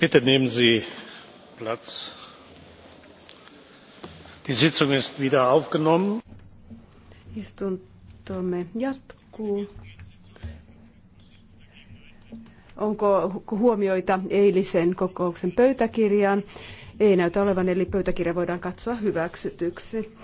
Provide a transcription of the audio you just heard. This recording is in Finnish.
bitte nehmen sie platz. die sitzung ist wieder aufgenommen. istuntomme jatkuu. Onko huomioita eilisen kokouksen pöytäkirjaan? Ei näytä olevan, eli pöytäkirja voidaan katsoa hyväksytyksi.